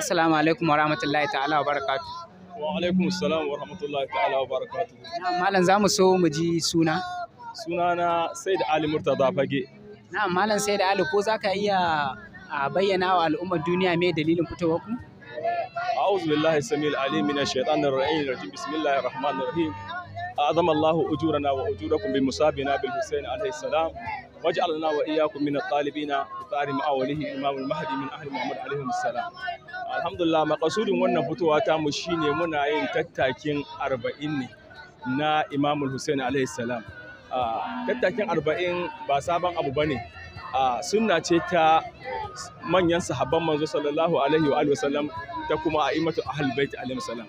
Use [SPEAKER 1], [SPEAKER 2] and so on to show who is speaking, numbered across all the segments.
[SPEAKER 1] assalamu alaikum wa rahmatullahi ta'ala wa barakatu
[SPEAKER 2] wa alaikum salam wa rahmatullahi ta'ala wa barakatu malam za mu
[SPEAKER 1] so mu ji suna
[SPEAKER 2] Suna na Said ali murtaza fage
[SPEAKER 1] na malam Said ali ko za ka iya bayyana wa al'ummar duniya me dalilin fitowar ku
[SPEAKER 2] أعوذ بالله السميع العليم من الشيطان الرجيم الرجيم بسم الله الرحمن الرحيم أعظم الله أجورنا وأجوركم بمصابنا بالحسين عليه السلام وجعلنا وإياكم من الطالبين بطار أوله إمام المهدي من أهل محمد عليهم السلام alhamdulillah makasudin wannan fitowa ta mu shine muna yin tattakin arba'in ne na Imam hussein alayhi salam ah, tattakin arba'in ba sabon abu ba ne ah, sunna ce ta manyan sahabban manzo sallallahu alaihi wa wasallam ta kuma a'immatu ahlul bait alaihi salam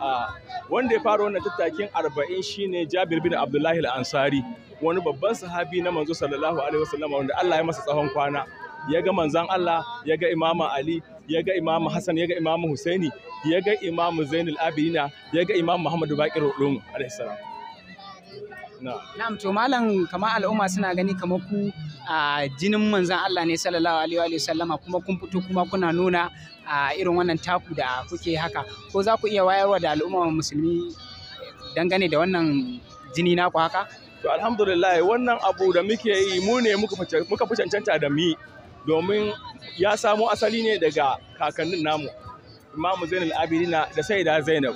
[SPEAKER 2] ah, wanda ya fara wannan tattakin arba'in shine jabir bin abdullahi al-ansari wani babban sahabi na manzo sallallahu alaihi wa wanda Allah ya masa tsawon kwana ya ga manzan Allah ya ga imama Ali ya ga imama Hassan ya ga imama Husaini ya ga imama Zainul Abidina ya ga imama Muhammadu Bakir Ulum alaihi salam
[SPEAKER 1] na'am to malam kamar al'umma suna gani kamar ku a jinin manzan Allah ne sallallahu alaihi wa sallama kuma kun fito kuma kuna nuna a irin wannan taku da kuke haka ko za ku iya wayarwa da al'umma musulmi
[SPEAKER 2] dangane da wannan jini naku haka to alhamdulillah wannan abu da muke yi mu ne muka fice cancanta da mi domin ya samo asali ne daga kakannin namu imamu zainul abidina da saida zainab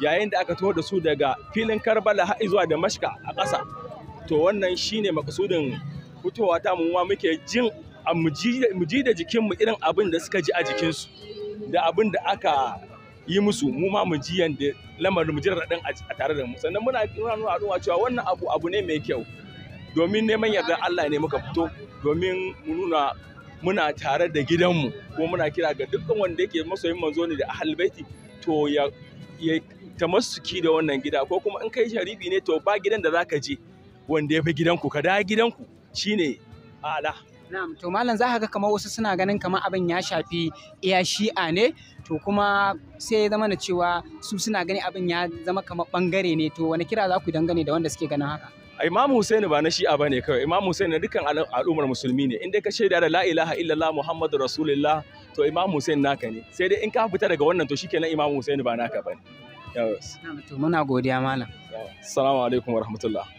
[SPEAKER 2] yayin da aka taho da su daga filin karbala har zuwa mashka a ƙasa to wannan shine makasudin fitowa ta mu ma muke jin mu ji da jikinmu irin abin da suka ji a jikinsu da abin da aka yi musu mu ma mu ji yanda lamarin mu ji a tare da mu sannan muna nuna nuna cewa wannan abu abu ne mai kyau domin neman yarda Allah ne muka fito domin mu nuna muna tare da gidanmu ko muna kira ga dukkan wanda yake masoyin manzo ne da ahalbaiti to ya ya tamassuki da wannan gida ko kuma in kai sharibi ne to ba gidan da zaka je wanda ya fi gidanku ka da gidanku shine ala
[SPEAKER 1] Na'am to malam za ka ga kamar wasu suna ganin kamar abin ya shafi iya shi'a ne to kuma sai ya zama na cewa su suna ganin abin ya zama kamar bangare ne to wani kira za ku dangane da wanda suke ganin haka.
[SPEAKER 2] Imam Hussein ba na shi'a bane kawai Imam Hussein na dukkan al'ummar musulmi ne in dai ka shaida da la ilaha illallah Muhammadu Rasulullah to Imam Hussein naka ne sai dai in ka fita daga wannan to shikenan Imam Hussein ba naka bane. Na'am, To muna godiya malam. Assalamu alaikum warahmatullahi.